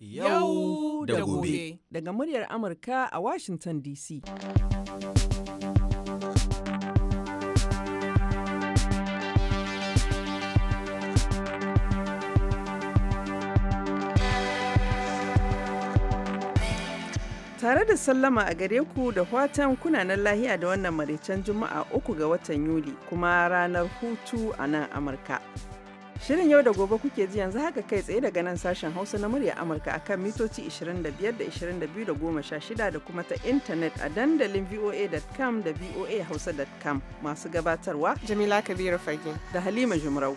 Yau da gobe. Daga muryar Amurka a Washington DC. tare da sallama a gare ku da fatan kunanan lahiya da wannan maraicen juma'a uku ga watan yuli kuma ranar hutu a nan amurka Shirin yau da gobe kuke ji yanzu haka kai tsaye daga nan sashen Hausa na murya Amurka kan mitoci 25 da 22 da 16 da kuma ta intanet a dandalin voa.com da voahausa.com masu gabatarwa Jamila Kabiru Fage da Halima Jumrau.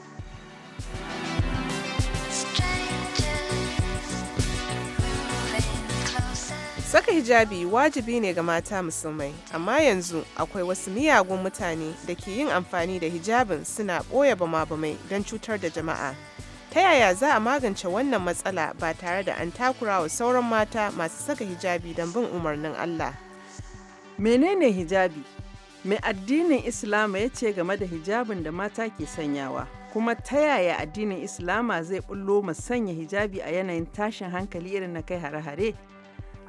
Saka hijabi wajibi ne ga mata musulmai, amma yanzu akwai wasu miyagun mutane da ke yin amfani da hijabin suna ɓoye bama-bamai don cutar da jama'a. Ta yaya za a magance wannan matsala ba tare da an takura wa sauran mata masu saka hijabi don bin umarnin Allah? Menene hijabi? Mai addinin Islama ya ce game da hijabin da mata ke sanyawa, kuma ta yaya addinin Islama zai bullo sanya hijabi a yanayin tashin hankali irin na kai hare-hare?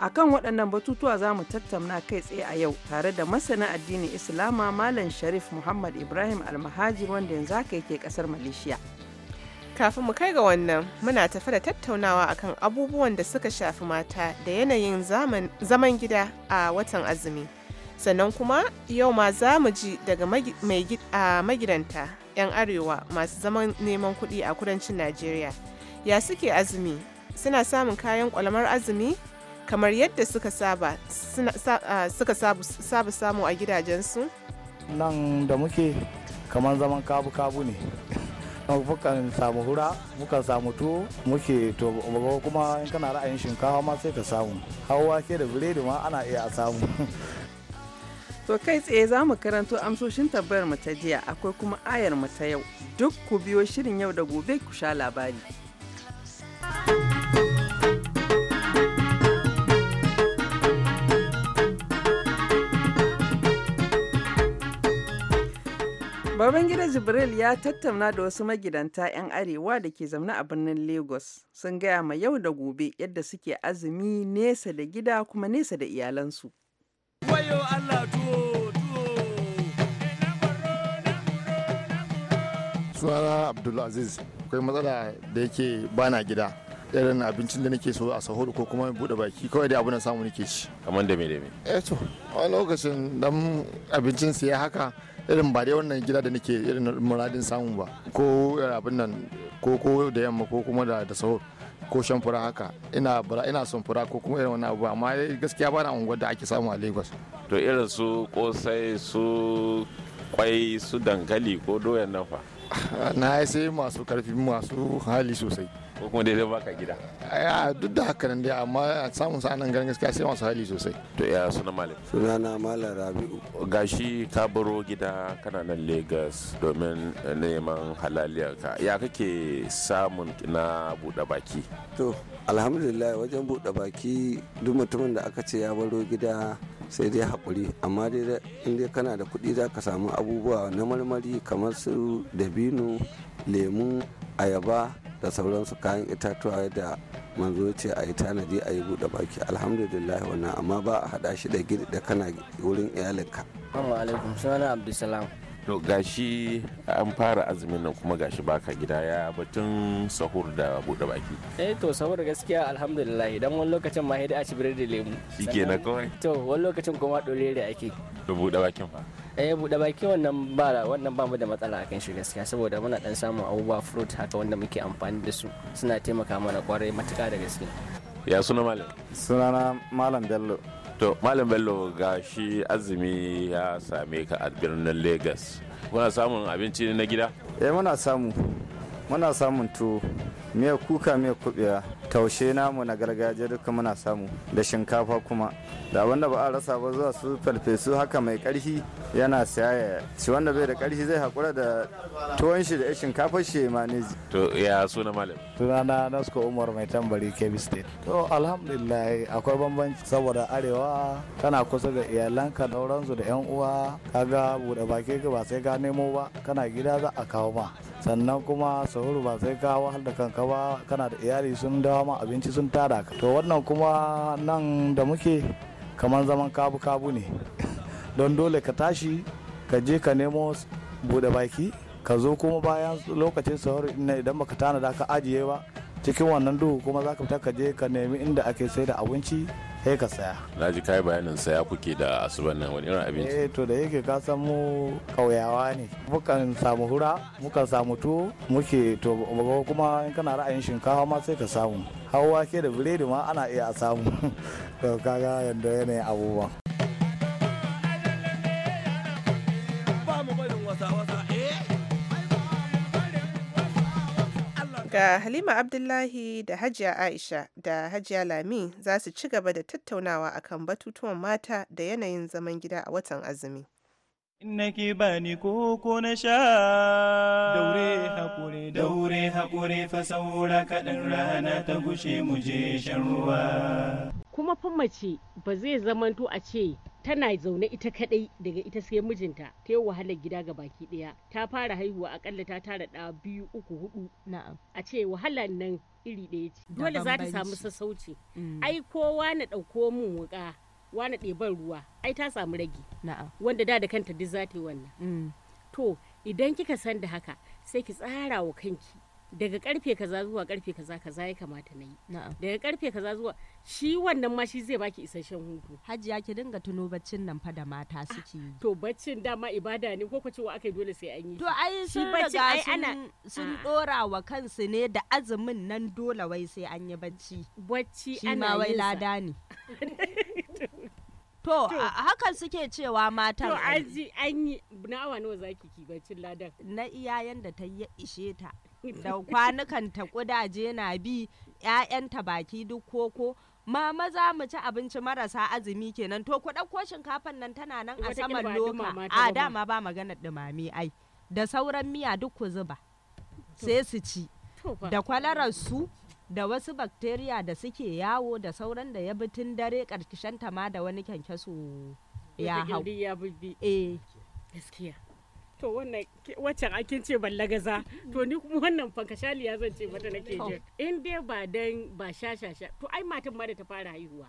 akan waɗannan batutuwa za mu tattauna kai tsaye a yau tare da masana addinin islama malam sharif muhammad ibrahim almahajir wanda yanzu haka yake ƙasar malaysia kafin mu kai ga wannan muna tafi da tattaunawa akan abubuwan da suka shafi mata da yanayin zaman gida a watan azumi sannan kuma yau ma za mu ji daga magidanta 'yan arewa masu zaman neman kuɗi a kudancin najeriya ya suke azumi suna samun kayan kwalamar azumi kamar yadda suka ah, saba samu a gidajensu nan da muke kamar zaman kabu-kabu ne mukan samu hura mukan samu tuwo muke to kuma in kana ra'ayin shinkawa ma sai ka samu hawa ke da biredi ma ana iya a samu to kai tsaye za mu karanto amsoshin tabbayar mu ta jiya akwai kuma ayar mu ta yau duk ku biyo shirin yau da gobe ku sha labari Babangida Jibril ya tattauna da wasu magidanta 'yan arewa da ke zaune a birnin Lagos sun gaya ma yau da gobe yadda suke azumi nesa da gida kuma nesa da iyalansu. Wayo Allah Abdulaziz akwai matsala da yake bana gida. irin abincin da nake so a sahuru ko kuma bude baki kawai da abu na samu nake ci kamar da me da me eh to a lokacin dan abincin sai haka irin ba dai wannan gida da nake irin muradin samu ba ko abin nan ko ko da yamma ko kuma da da sahur ko shan fura haka ina ina son fura ko kuma irin wani abu amma gaskiya ba na unguwar da ake samu a Lagos to irin su kosai su kwai su dankali ko doyan nafa na sai masu karfi masu hali sosai ko kuma dai zai baka gida a duk da haka nan dai amma samun sa nan garin gaskiya sai masu hali sosai to ya suna malam suna na malam rabi'u gashi ka baro gida kana nan lagos domin neman ka ya kake samun na buɗe baki to alhamdulillah wajen buɗe baki duk mutumin da aka ce ya baro gida sai dai haƙuri amma dai in dai kana da kuɗi za ka samu abubuwa na marmari kamar su dabino lemu ayaba da sauransu kayan itatuwa da manzo ce a yi tanadi a yi buɗe baki alhamdulillah wannan amma ba a haɗa shi da gidi da kana wurin iyalinka. Assalamu alaikum sunana Abdulsalam. to gashi an fara azumin nan kuma gashi baka gida ya batun sahur da bude baki eh to sahur gaskiya alhamdulillah idan wani lokacin ma hidda a ci da lemu shike na kawai to wani lokacin kuma dolere ake to bude bakin fa eh bude baki wannan ba wannan ba mu da matsala akan shi gaskiya saboda muna dan samun abubuwa fruit haka wanda muke amfani da su suna taimaka mana kwarai matuka da gaskiya. ya suna malam na malam bello to malam bello ga shi azumi ya same ka a birnin lagos kuna samun abinci na gida eh muna samu muna samun tuwo miya kuka miya kubiya taushe namu na gargajiya duka muna samu da shinkafa kuma da wanda ba a rasa ba zuwa su farfesu haka mai karfi yana saya shi wanda bai da karfi zai hakura da tuwon shi da shinkafa shi ne to ya suna malam sunana nasko umar mai tambari kebbi state to alhamdulillah akwai bambanci saboda arewa kana kusa ga iyalanka sauransu da yan uwa kaga bude baki ka ba sai ka nemo ba kana gida za a kawo ma sannan kuma sahuru ba sai ka wahal da kanka ba kana da iyali sun dawo ma abinci sun tada ka to wannan kuma nan da muke kamar zaman kabu kabu ne don dole ka tashi ka je ka nemo bude baki ka zo kuma bayan lokacin sahuru idan baka da ka ajiye ba cikin wannan duhu kuma za ka fita ka je ka nemi inda ake sai da abinci sai ka saya na ji kai bayanin saya kuke da asuban nan wani irin abinci eh to da yake ka san mu kauyawa ne mukan samu hura mukan samu tuwo muke to kuma in kana ra'ayin shinkafa ma sai ka samu hawa ke da biredi ma ana iya a samu to kaga yanda yanayin abubuwa. ba mu barin wasa wasa Ga Halima Abdullahi da Hajiya Aisha da Hajiya Lami za su ci gaba da tattaunawa akan batutuwan mata da yanayin zaman gida a watan azumi. Innaki bani koko na sha daure hakuri daure hakuri fa saura kaɗan rana ta gushe mu je shan ruwa. Kuma fa mace ba zai zamanto a ce tana zaune ita kadai daga ita sai mijinta ta yi wahalar gida ga baki daya ta fara haihuwa akalla ta tara da biyu uku hudu a ce wahalar nan iri ɗaya ce dole za ta samu sassauci mm. ai kowa na ɗauko mun wuka wani ɗeban ruwa ai ta samu rage. wanda da da kanta duk za ta yi wannan mm. to idan kika san da haka sai ki tsara wa kanki daga karfe kaza zuwa karfe kaza kaza ya kamata na yi daga karfe kaza zuwa shi wannan ma shi zai baki isasshen hutu hajiya ki dinga tuno baccin nan fa da mata ah, suke yi to baccin dama ibada ne ko wa akai dole sai an yi to ai sun riga sun sun dora ah. wa kansu ne da azumin nan dole wai sai an yi bacci bacci ana wai lada ne To, hakan suke cewa matan. To, an yi na awa nawa zaki ki baccin ladan. Na iyayen da ta yi ishe ta da kwanukan ta kudaje na bi ‘ya'yanta baki duk koko ma maza mu ci abinci marasa azumi kenan to ku ɗauko shinkafan nan tana nan a saman loka a dama ba magana dumami. ai da sauran miya duk ku zuba sai su ci da kwalarar su da wasu bakteriya da suke yawo da sauran da ya bi tun dare karkishanta ma da wani kyankyaso ya hau. Eh. gaskiya. to wannan waccan ake ce ballagaza to ni kuma wannan fankashali ya zance mata nake jin in dai ba dan ba sha sha sha to ai matan ma da ta fara haihuwa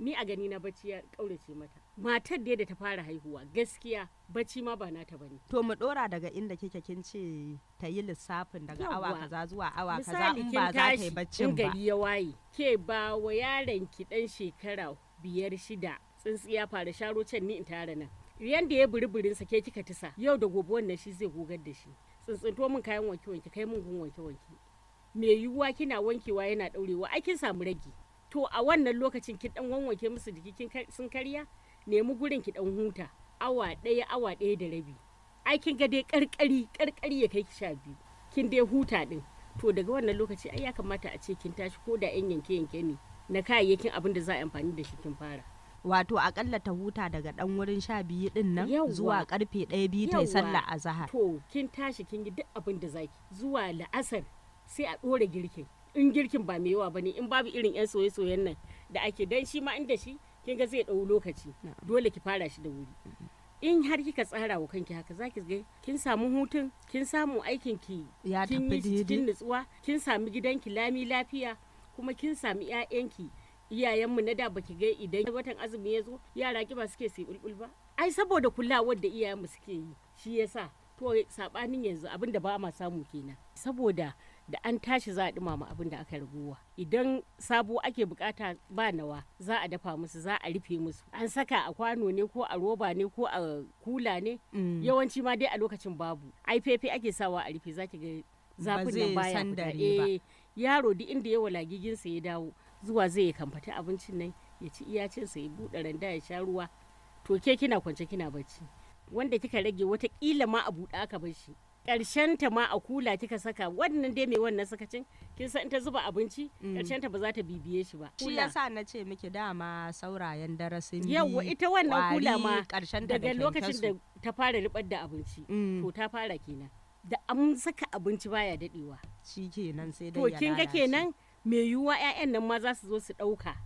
ni a gani na bacci ya kaurace mata matar da ta fara haihuwa gaskiya bacci ma ba nata bane to mu dora daga inda kike kin ce ta yi lissafin daga awa kaza zuwa awa kaza in ba za ta yi baccin ba gari ya waye ke ba wa yaron ki dan shekara biyar shida tsintsiya fara sharo can ni in tara nan yanda ya buri burin sa ke kika tisa yau da gobe wannan shi zai gogar da shi Tsuntsunto min kayan wanke wanke kai min gun wanke wanke me yiwuwa kina wankewa yana daurewa ai kin samu ragi to a wannan lokacin ki dan wanwanke musu jiki kin sun karya nemi gurin ki dan huta awa ɗaya awa ɗaya da rabi ai kin ga dai karkari karkari ya kai ki sha biyu kin dai huta din to daga wannan lokaci ai ya kamata a ce kin tashi ko da yan yanke yanke ne na kayayyakin abin da za a amfani da shi kin fara wato akalla ta huta daga dan wurin sha biyu din nan zuwa karfe ɗaya biyu ta sallah a zahar to kin tashi kin yi duk abin da zaki zuwa la'asar sai a ɗora girkin in girkin ba mai yawa ba ne in babu irin yan soye-soyen nan da ake dan shi ma inda shi kin ga zai ɗau lokaci dole ki fara shi da wuri in har kika tsara wa kanki haka zaki ga kin samu hutun kin samu aikin ki kin yi cikin nutsuwa kin sami gidanki lami lafiya kuma kin samu 'ya'yanki iyayenmu na da baki ga idan watan azumi ya zo yara kiba suke su bulbul ba ai saboda kulawar da iyayenmu suke yi shi yasa to sabanin yanzu abin da ba ma samu kenan saboda da an tashi za a dumama abin da aka raguwa idan sabo ake bukata ba nawa za a dafa musu za a rufe musu an saka a kwano ne ko a roba ne ko a kula ne mm. yawanci ma dai a lokacin babu ai fefe ake sawa a rufe zaki ga zafin nan baya eh, yaro duk inda ya walagigin sa ya dawo zuwa zai ya kamfata abincin nan ya ci iyacinsa ya buɗe randa ya sha ruwa to ke kina kwance kina bacci wanda kika rage wata kila ma a buɗe aka bar shi ta ma a kula kika saka wannan dai mai wannan sakacin kin san ta zuba abinci mm. ƙarshen ta ba za ta bibiye shi ba shi yasa na ce miki dama saurayen darasin yawa ita wannan kula ma daga lokacin da ta fara ribar da abinci mm. to ta fara kenan da an saka abinci baya dadewa shi kenan sai da to kin ga kenan mai yiwuwa 'ya'yan nan ma za su zo su ɗauka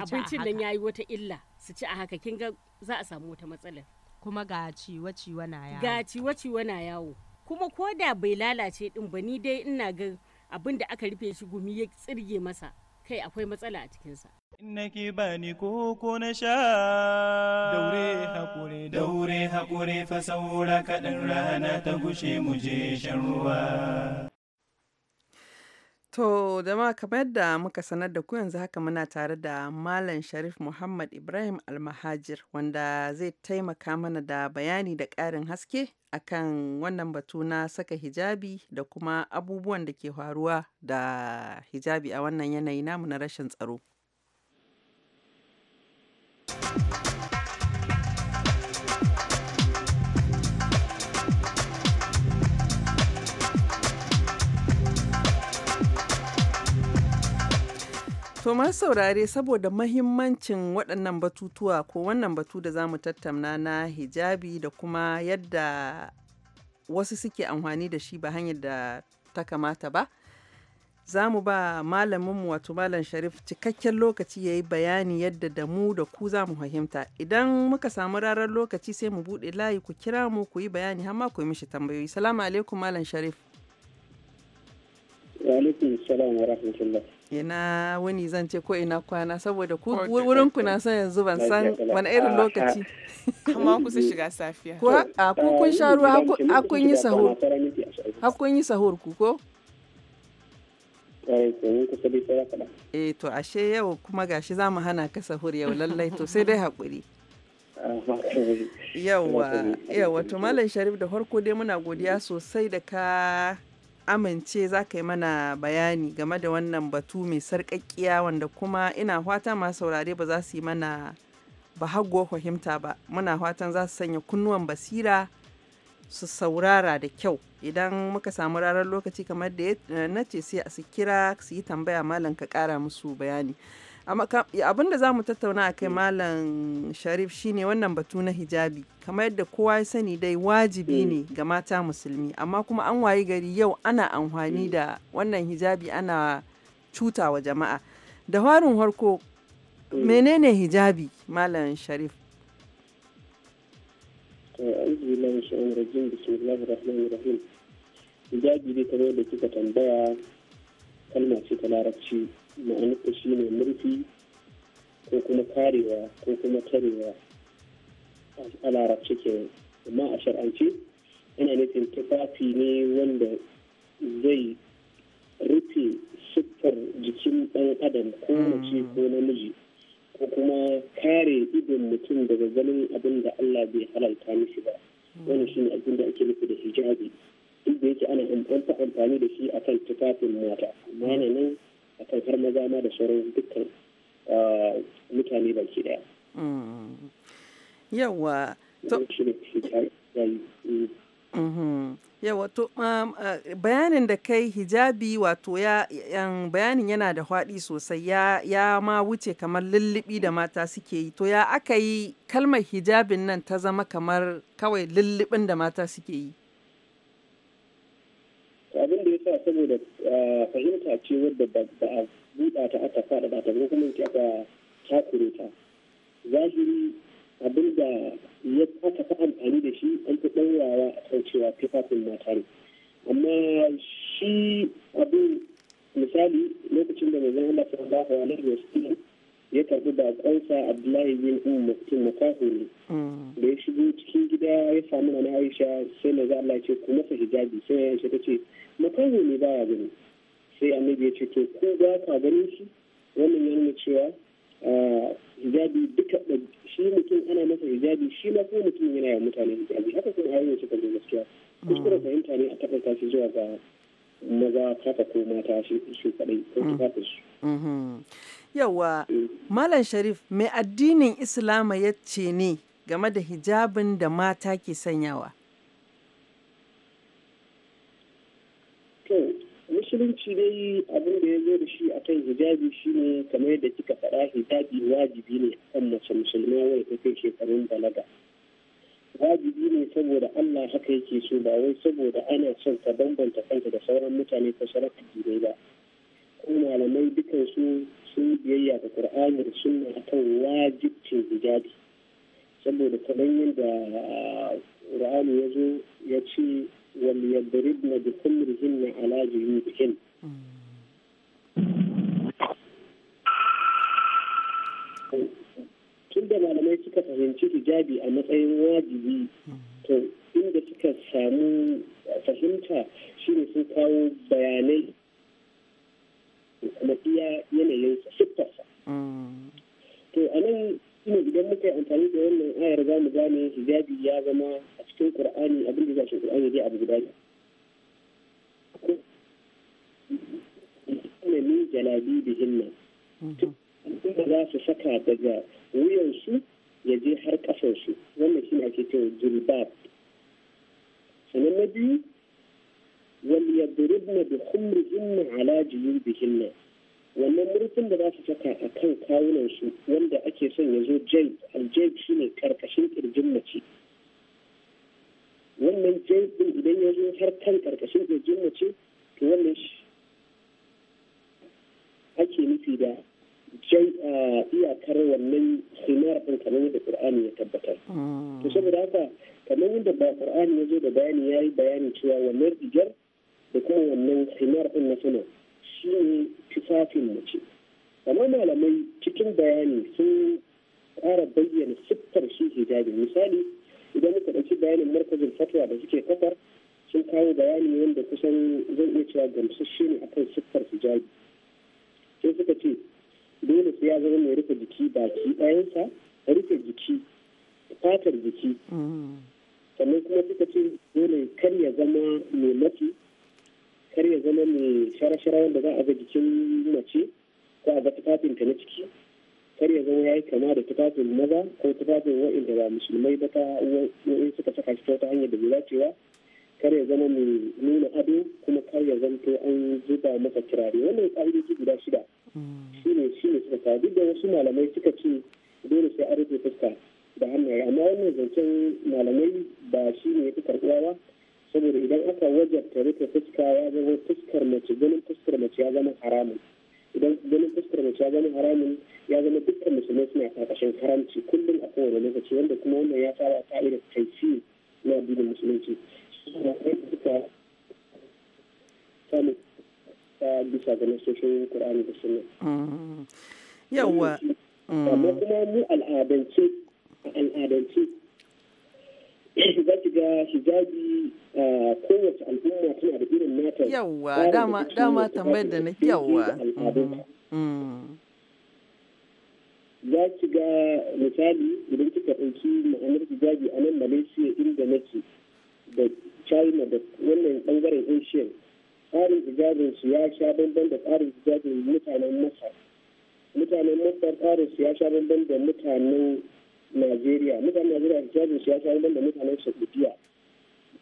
abincin nan ya yi wata illa su ci a haka kin ga za a samu wata matsalar kuma ga ciwa-ciwa na yawo ga ciwa-ciwa na yawo kuma ko da bai lalace din ba ni dai ina ga abin da aka rufe shi gumi ya tsirge masa kai akwai matsala a cikinsa nake bani koko na sha daure hakuri daure hakuri fa saura kaɗan rana ta gushe mu je shan ruwa To, jama'a kamar yadda muka sanar da ku yanzu haka muna tare da Malam Sharif Muhammad Ibrahim Almahajir wanda zai taimaka mana da bayani da ƙarin haske akan wannan batu na saka hijabi da kuma abubuwan da ke faruwa da hijabi a wannan yanayi namu na rashin tsaro. To ma saurare saboda mahimmancin waɗannan batutuwa ko wannan batu da za mu tattauna na hijabi da kuma yadda wasu suke amfani da shi ba hanyar da ta kamata ba. Za mu ba malaminmu wato Malam Sharif cikakken lokaci ya yi bayani yadda da mu da ku za mu fahimta. Idan muka samu rarar lokaci sai mu buɗe layi ku kira mu ku yi bayani har ma ku yi mishi tambayoyi. Salamu alaikum Malam Sharif. Wa alaikum salam wa rahmatullah. ke wani zan ce ko ina kwana saboda ku wurin ah, ah. ku na son yanzu ban san wani irin lokaci amma ku shiga safiya ko a ah, ku kun sha ruwa a kun yi sahur a kun yi sahur ku ko eh, eh to ashe yau kuma gashi za mu hana ka sahur yau lallai to sai dai hakuri. yawa yawa to malam sharif da farko dai muna godiya sosai da ka amince za ka yi mana bayani game da wannan batu mai sarƙaƙƙiya wanda kuma ina fata masu saurare ba za su yi mana ba hagu fahimta ba muna fatan za su sanya kunnuwan basira su saurara da kyau idan muka samu ranar lokaci kamar da na ce sai su kira su yi tambaya malam ka ƙara musu bayani. abin da za mu tattauna a kai malam sharif shine wannan batu na hijabi kamar yadda kowa ya sani dai wajibi ne mm. ga mata musulmi amma kuma an wayi gari yau ana amfani mm. da wannan hijabi ana cuta wa jama'a da farin harko mm. menene hijabi malam sharif hijabi dai kamar da kika tambaya kalma ce ta larabci ma'anarsa shi ne murfi ko kuma karewa ko kuma tarewa a larabci ke amma a shar'ance yana nufin tufafi ne wanda zai rufe siffar jikin ɗan adam ko mace hmm. ko namiji ko kuma kare idon mutum daga ganin abin da Allah bai halalta mishi ba hmm. wani shi ne abin da ake nufi da hijabi duk da yake ana amfani da shi akan tufafin mata amma yana a kaifar maza ma da sauran dukkan ah, mutane baki daya yawa mm. yawa to mm. mm-hmm. um, ah, bayanin da kai hijabi wato ya bayanin yana da hwaɗi sosai ya ya ma wuce kamar lullubi da mata suke yi to ya aka yi kalmar hijabin nan ta zama kamar kawai lullubin da mata suke yi abin da ya sa saboda fahimta ce wadda ba a buɗa ta aka faɗa ba ta kuma ta aka takure ta zahiri abin da ya aka fi amfani da shi an fi ɗaurawa a kan cewa tufafin mata ne amma shi abin misali lokacin da mai zama ba sallallahu wani wa su ya karbi bakonsa abdullahi bin umar mutum mm. da ya shigo cikin gida ya samu wani aisha sai maza Allah ce ku masa hijabi sai aisha ta ce ba ya gani sai annabi ya ce to ko ba ka ganin shi wannan ya nuna cewa hijabi duka shi mutum ana masa hijabi shi ma ko mutum yana yi mutane hijabi haka kuma ayoyin suka zo gaskiya mm. kuskure fahimta ne a taɓa shi zuwa ga maza kafa ko mata shi kaɗai ko mm. su. Yawa, eh. Malam Sharif, mai addinin Islama ya ce ne game da hijabin da mata ke sanyawa? musulunci dai abin da ya zo da shi akan hijabi shine kamar yadda kika faɗa hijabi wajibi ne kan mace musulma wai ta kai shekarun balaga wajibi ne saboda Allah haka yake so ba wai saboda ana son ka bambanta kanka da sauran mutane ko sauran jirai ba ko malamai dukan su sun biyayya da ƙur'ani da sunna akan wajibcin hijabi saboda kamar yadda ƙur'ani ah, ya zo ya ce wal bikin bi na ala bikin. tun da malamai suka fahimci hijabi a matsayin wajibi to inda suka samu fahimta shine sun kawo bayanai da kuma iya yanayin siffarsa mm. to a nan shine idan muka yi amfani da wannan ayar za mu gane hijabi ya zama a cikin qur'ani abin da zashin qur'ani dai abu guda ne min jalabi da hinna mm-hmm. da za su saka daga wuyansu ya je har kasansu wannan ne ake cewa jilbab sannan na biyu waliyadribna bi khumrihinna ala juyubihinna wannan murfin da za su saka a kan kawunan su wanda ake son ya zo jai aljaib karkashin kirjin mace wannan jai din idan ya zo har kan karkashin kirjin mace to wannan ake nufi da jai iyakar wannan himar ɗin kamar yadda qur'ani ya tabbatar hmm. to saboda haka kamar yadda ba ƙur'ani ya zo da bayani yayi bayani cewa wannan rigar da kuma wannan himar ɗin na sama shi ne tufafin mace amma malamai cikin bayani sun ƙara bayyana siffar shi hijabi misali idan muka ɗauki bayanin markazin fatwa da suke kafar sun kawo bayani wanda kusan zan iya cewa gamsasshe ne akan siffar hijabi sai suka ce dole sai ya zama mai rufe jiki baki ɗayansa rufe jiki fatar jiki mm. sannan kuma suka ce dole kar ya zama mai mafi kar ya zama mai shara-shara wanda za a ga jikin mace ko a ga tufafinta na ciki kar ya zama ya yi kama da tufafin maza ko tufafin wa'inda ba musulmai ba ta suka saka shi ta hanyar da dacewa kar ya zama mai nuna ado kuma kar ya zanto an zuba masa turare. wannan ƙa'idoji guda shida mm. shi ne shi ne suka kawo da wasu malamai suka ce dole sai a rufe fuska da hannaye amma wannan zancen malamai ba shi ne ya fi karɓuwa ba saboda idan aka wajabta rufe fuska ya zama fuskar mace ganin fuskar mace ya zama haramun idan ganin fuskar mace ya zama haramun ya zama dukkan musulmai suna karkashin haramci kullum a kowane lokaci wanda kuma wannan ya saba ka'idar taifi na addinin musulunci suka samu bisa ga nasoshin Qur'ani da Sunna yawa amma kuma mu al'adance al'adance yadda za ki ga hijabi a kowace al'umma tana da irin nata yawa dama dama tambayar da na yawa mm, mm. za ki ga misali idan kika ɗauki ma'anar hijabi a nan malaysia inda na ke da china da wannan bangaren asian tsarin hijabin su ya sha bambam da tsarin hijabin mutanen masar mutanen masar tsarin su ya sha bambam da mutanen najeriya mutanen najeriya su jajin siyasa ya da mutanen saudiya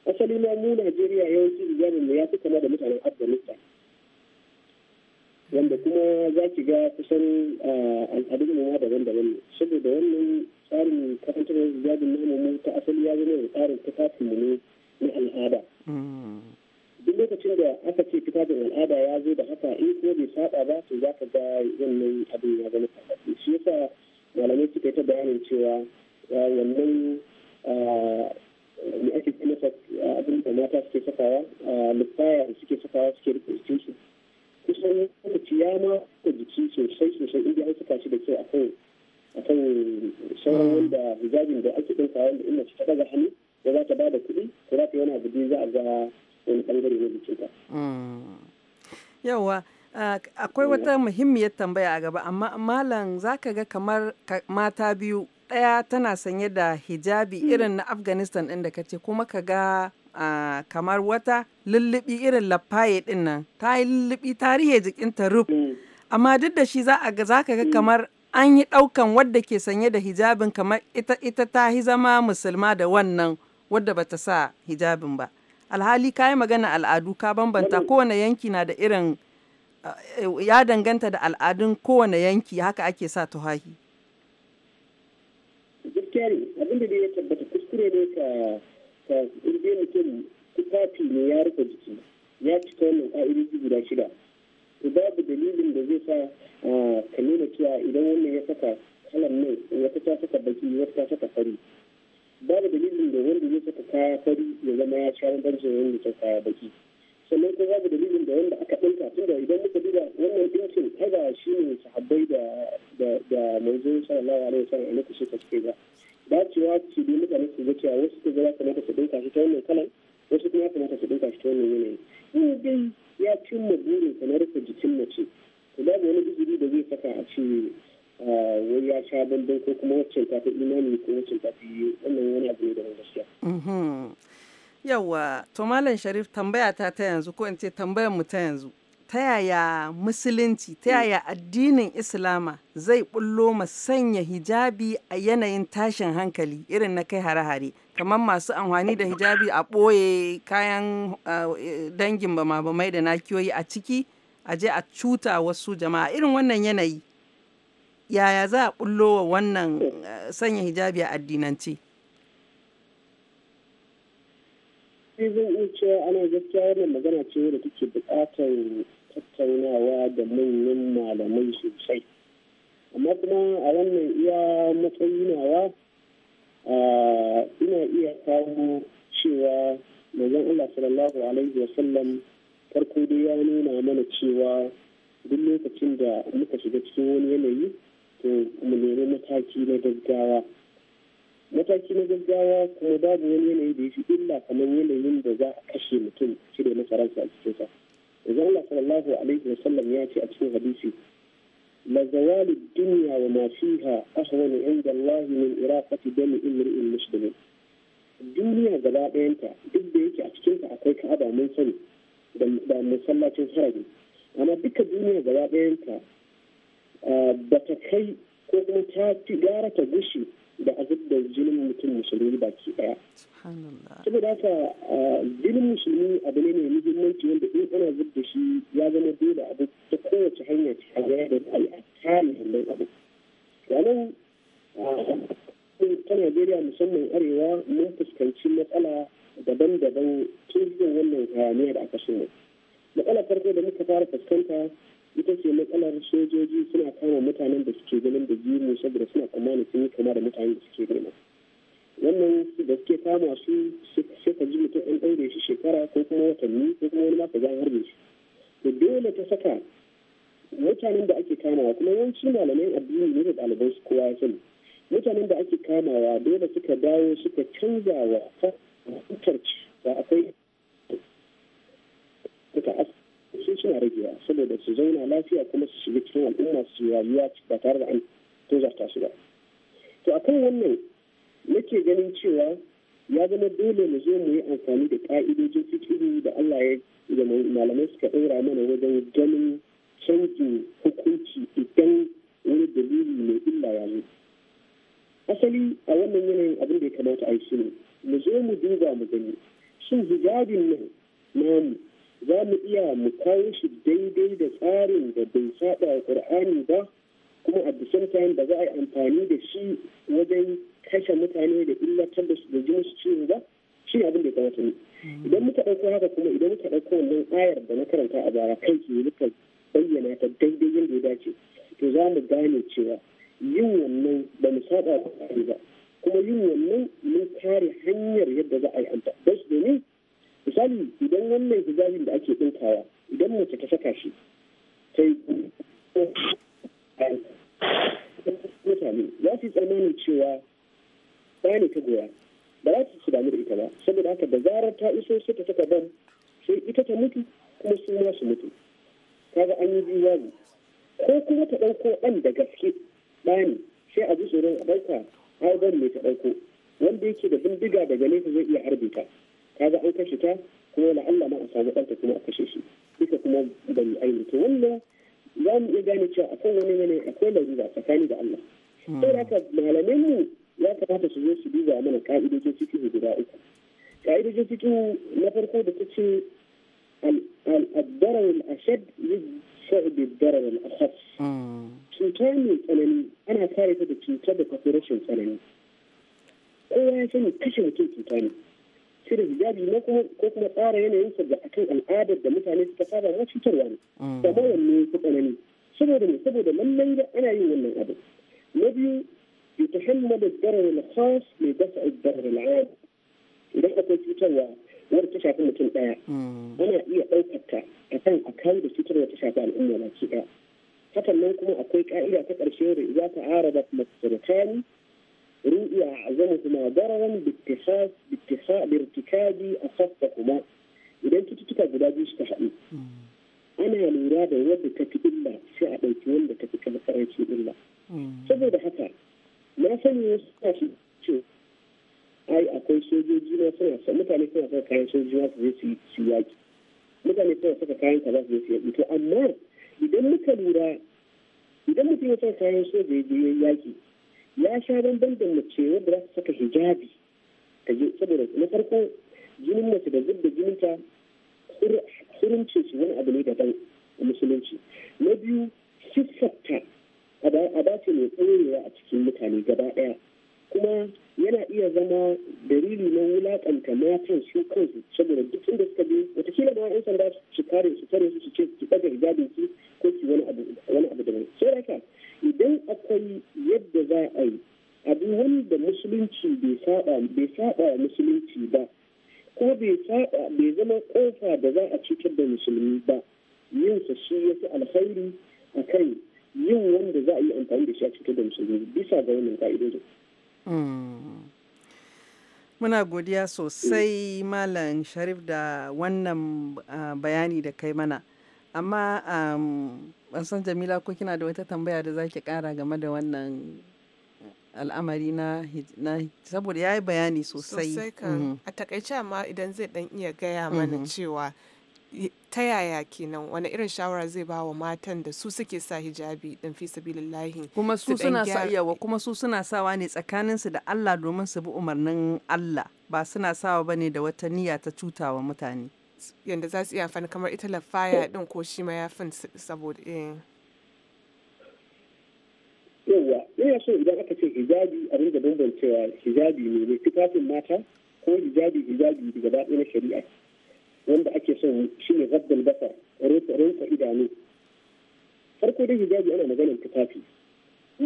asali ma mu najeriya yawanci hijabin mu ya fi kama da mutanen afghanistan wanda kuma za ki ga kusan al'adun mu daban-daban ne saboda wannan tsarin karantar hijabin namu mu ta asali ya zama tsarin tufafin mu ne na al'ada mm. duk lokacin da aka ce da al'ada ya zo da haka in ko bai saba ba to za ka ga wannan abin ya zama shi yasa malamai suka yi ta bayanin cewa eh, wannan ne eh, ake kuma eh, abin da mata suke sakawa lufaya da suke sakawa suke rufe su kusan lokaci ya ma da jiki sosai sosai inda an saka shi da kyau akan akan sauran mm. wanda hijabin da ake ɗauka wanda in mace ta ɗaga hannu da za ta ba da kuɗi ko za ta yi wani abu za a ga wani ɓangare na jikinta. Mm. Yawwa. Ah, akwai eh. wata muhimmiyar tambaya a gaba amma malam zaka ga kamar mata biyu ɗaya tana sanye da hijabi hmm. irin na afghanistan ɗin da kace kuma ka ga ah, kamar wata lullubi irin lafaye din nan ta yi lullubi tarihi jikinta rub hmm. amma duk da shi za a ga zaka ga hmm. kamar an yi ɗaukan wadda ke sanye da hijabin kamar ita, ita ta yi zama musulma da wannan wadda bata sa hijabin ba alhali ka yi magana al'adu ka bambanta kowane yanki na da irin Eh, ya danganta da al'adun kowane yanki haka ake sa tuhahi gaskiya abinda da ya tabbata kuskure ne ka ka mutum tufafi ne ya rufe jiki ya cika wannan ka'idoji guda shida to babu dalilin da zai sa ah, ka nuna cewa idan wannan ya saka kalan ne wata ta saka baki wata ta saka fari babu dalilin da wanda zai saka kaya fari ya zama ya sha bambancin wanda ta kaya baki sannan kuma babu dalilin da wanda aka ɗauka tun da idan muka duba wannan ɗinkin kada shi ne sahabbai da da manzo sallallahu alaihi wasallam a lokacin da suke ba dacewa ce dai mutane su ga cewa wasu su ga ya kamata su ɗauka shi ta wannan kalan wasu kuma ya kamata su ɗauka shi ta wannan yanayi in dai ya cimma burin sa na rufe jikin mace to babu wani izini da zai saka a ce wai ya sha bambam ko kuma wacce ta fi imani ko wacce ta fi wannan wani abu ne da gaskiya. Mm-hmm. Yawwa, to Malam Sharif tambaya ta ta yanzu ko in ce tambayar mu ta yanzu. Ta yaya musulunci, ta yaya addinin Islama zai bullo ma sanya hijabi a yanayin tashin hankali irin na kai hare-hare, kamar masu amfani da hijabi a ɓoye kayan eh, dangin bama mai da nakiyoyi a ciki, a je a cuta wasu jama'a irin wannan yanayi. Yaya za a bullo wa wannan eh, sanya hijabi a addinance? gaske zan iya cewa ana gaskiya wannan magana ce da take buƙatar tattaunawa da manyan malamai sosai amma kuma a wannan iya matsayinawa nawa ina iya kawo cewa manzon Allah sallallahu alaihi wasallam farko dai ya nuna mana cewa duk lokacin da muka shiga cikin wani yanayi to mu nemi mataki na gaggawa mataki na gaggawa kuma babu wani yanayi da ya fi illa kamar yanayin da za a kashe mutum cire masaransa ransa a cikinsa yanzu Allah sallallahu alaihi wa sallam ya ce a cikin hadisi la zawali dunya wa ma fiha ahwanu inda Allah min iraqati dami imri'in muslimin duniya gaba ɗayanta duk da yake a cikinta akwai ka'aba mun sani da masallacin harabi amma duka duniya gaba ɗayanta ah, ba ta kai ko kuma ta fi gara ta gushi da a da jinin mutum musulmi baki daya saboda haka jinin musulmi abu ne mai muhimmanci wanda in ana zub da shi ya zama dole abu ta kowace hanya a gaya da al'akari hannun abu yanan ta najeriya musamman arewa mun fuskanci matsala daban-daban tun zuwa wannan hayaniya da aka shirya matsalar farko da muka fara fuskanta ita ce matsalar sojoji suna kama mutanen da suke ganin da jimu saboda suna tsammanin sun yi kama da mutanen da suke nema wannan da suke kama su sai ka ji mutum an ɗaure shi shekara ko kuma watanni ko kuma wani maka zan harbe shi da dole ta saka mutanen da ake kamawa kuma yawanci malamai addini ne da ɗaliban su kowa ya sani mutanen da ake kamawa dole suka dawo suka canza wa fahimtar cewa akwai suka su suna ragewa saboda su zauna lafiya kuma su shiga cikin al'umma su rayuwa ba tare da an tozarta su ba to akan wannan nake ganin cewa ya zama dole mu zo mu yi amfani da ka'idojin fikiri da Allah ya da malamai suka ɗora mana wajen ganin canjin hukunci idan wani dalili mai illa ya asali a wannan yanayin abin da ya kamata a yi shi ne mu zo mu duba mu gani shin hijabin nan namu za mu iya mu kawo shi daidai da tsarin da bai saba wa ƙur'ani ba kuma a bisan time da za a yi amfani da shi wajen kashe mutane da illatar da su da jin su ciwo ba shi ne abin da ya kamata ne hmm. idan muka ɗauko haka kuma idan muka ɗauko wannan ayar da na karanta a bara kai ke muka bayyana ta daidai yadda ya dace to za mu gane cewa yin wannan ba mu saba ƙur'ani ba kuma yin wannan mun kare hanyar yadda za a yi amfani da su domin misali idan wannan hijabin da ake ɗaukawa idan mace ta saka shi ta yi mutane za su yi tsammanin cewa ɗaya ne ta goya ba za su damu da ita ba saboda haka da zarar ta iso sai ta saka bam sai ita ta mutu kuma su ma su mutu kaga an yi biyu ne ko kuma ta ɗauko ɗan da gaske ɗaya ne sai a ji tsoron a ɗauka ai ban ne ta ɗauko wanda yake da bindiga daga nesa zai iya harbe ta هذا هو كشتا هو لعل ما أصاب أنت كما أكشيشي بك كما بني أين تولى يوم إذاني شاء أقول لنا أقول لنا إذا أتفاني بأ الله ولكن ما لم يمو لا تفاتي سيوشي بيزا أمنا كائدة جوتي فيه برائك كائدة جوتي فيه نفرقه بكتشي الضرر الأشد للشعب الضرر الأخف تنتاني أنا أنا كارثة تنتبه كفيرشن تنتاني أولا يعني كشفة تنتاني cire hijabi na kuma ko kuma tsara yanayinsa da akan al'adar da mutane suka saba ma cutarwa ne kamar mm. wanne tsanani saboda ne saboda lallai da ana yin wannan abu na biyu يتحمل mai dafa لدفع الضرر العام idan akwai cutarwa wadda ta shafi mutum ɗaya mm. ana iya ɗaukata a kan a kai da cutarwa ta shafi al'umma baki ɗaya hakan nan kuma akwai ƙa'ida ta ƙarshe da za ta araba masu رؤية أعظمهما ضررا باتخاذ باتخاذ a أخفهما kuma. Idan تتكلم guda biyu suka haɗu ana lura da wadda ta illa sai a ɗauki wanda ta fi kalkarancin illa saboda haka na sani wasu suna su ai akwai sojoji na sa mutane suna saka kayan sojoji na su zai su yaƙi mutane suna saka kayan kaza su zai su yaƙi to amma idan muka lura idan mutum ya saka kayan soja ya je yaƙi ya sha bamban da mace wadda za saka hijabi ta saboda na farko jinin mace da zubda jininta hurunce shi wani abu ne daban musulunci na biyu siffarta a dace mai tsayewa a cikin mutane gaba ɗaya kuma yana iya zama dalili na wulaƙanta matan su kansu saboda duk inda suka je watakila ma yan sanda su kare su kare su su ce su daga hijabin su ko su wani abu wani abu sai haka idan akwai yadda za a yi abu wanda musulunci bai saba bai saba musulunci ba ko bai saba bai zama ƙofa da za a cutar da musulmi ba yin sa shi yafi alkhairi akan yin wanda za a yi amfani da shi a cutar da musulmi bisa ga wannan ka'idojin Mm. Muna godiya sosai Malam Sharif da wannan ah, bayani da kai mana. Amma ban san Jamila ko kina da wata tambaya da zaki kara game da wannan al'amari na saboda ya yi bayani sosai. Mm-hmm. a takaice amma idan zai dan iya gaya mana mm-hmm. cewa ta yaya kenan wani irin shawara zai ba wa matan da su suke sa hijabi din fi sabilillahi kuma su suna sa kuma su suna sawa ne tsakanin su da Allah domin su bi umarnin Allah ba suna sawa bane da wata niyya ta cutawa mutane yanda za su iya amfani kamar ita lafaya din ko shi mayafin saboda eh yawa ya so idan aka ce hijabi a rinka bambancewa hijabi ne ne tufafin mata ko hijabi hijabi daga ɗaya na shari'a wanda ake son shi ne zabbal basar rinsa idanu farko dai hijabi ana maganar tufafi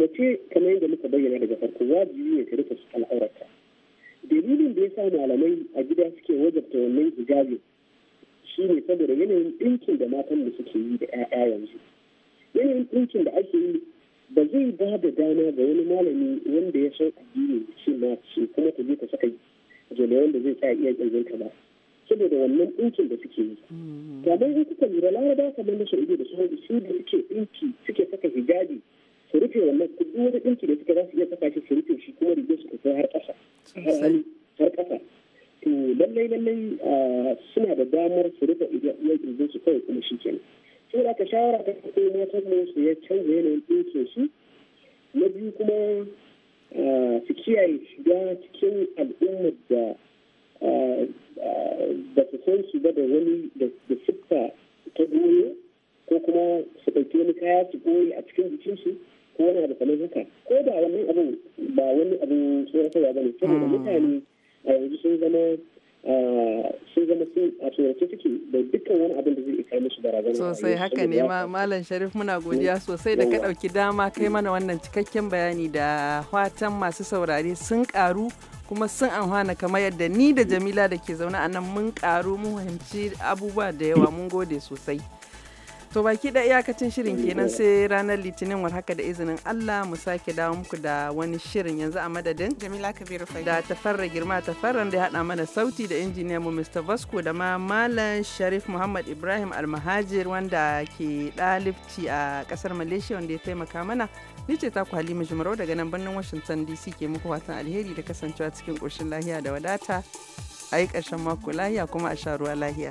mace kamar yadda muka bayyana daga farko wajibi ne ta rufe al'aurata dalilin da ya sa malamai a gida suke wajabta wannan hijabi shi ne saboda yanayin ɗinkin da matan da suke yi da 'ya'ya yanzu yanayin ɗinkin da ake yi ba zai ba da dama ga wani malami wanda ya san addini shi ma ce kuma ta je ta saka jami'an da zai tsaya iya ƙirgin ba saboda wannan ɗinkin da suke yi. Mm-hmm. Kamar in kuka lura laraba kamar na shaidu da sauran su da suke ɗinki suke saka hijabi su rufe wannan kudu wani ɗinki da suke za su iya saka shi su rufe shi kuma rigar su kusa har ƙasa har hali har ƙasa. To lallai lallai suna da damar su rufe rigar su kawai kuma shi kenan. Saboda ka shawara ta ko matan mu su ya canza yanayin ɗinkin su. Na biyu kuma su kiyaye shiga cikin al'ummar da ba su san su ba da wani da siffa ta goyo ko kuma su ɗauki wani kaya su goyi a cikin jikinsu ko wani abu kamar haka ko da wannan abin ba wani abin tsoratarwa ba ne saboda hmm. mutane a yanzu sun zama Eh, sun zama sun a suke da dukkan wani abin da zai kai musu barazana sosai haka ne malam sharif muna godiya mm. sosai da ka ɗauki dama kai mana wannan cikakken bayani da watan masu saurare sun karu kuma sun amfana kamar yadda ni da jamila da ke zaune a nan mun karu mun fahimci abubuwa da yawa mun gode sosai To baki da iyakacin shirin kenan sai ranar litinin war haka da izinin Allah mu sake dawo muku da wani shirin yanzu a madadin. Jamila Kabiru Fai. Da tafarra girma tafarran da ya haɗa mana sauti da injiniya mu Mr. Vasco da ma Malam Sharif Muhammad Ibrahim Almahajir wanda ke ɗalibci a ƙasar Malaysia wanda ya taimaka mana. Ni ce taku Halima Jumaro daga nan birnin Washington DC ke muku watan alheri da kasancewa cikin ƙoshin lahiya da wadata. A yi ƙarshen mako lahiya kuma a sha ruwa lahiya.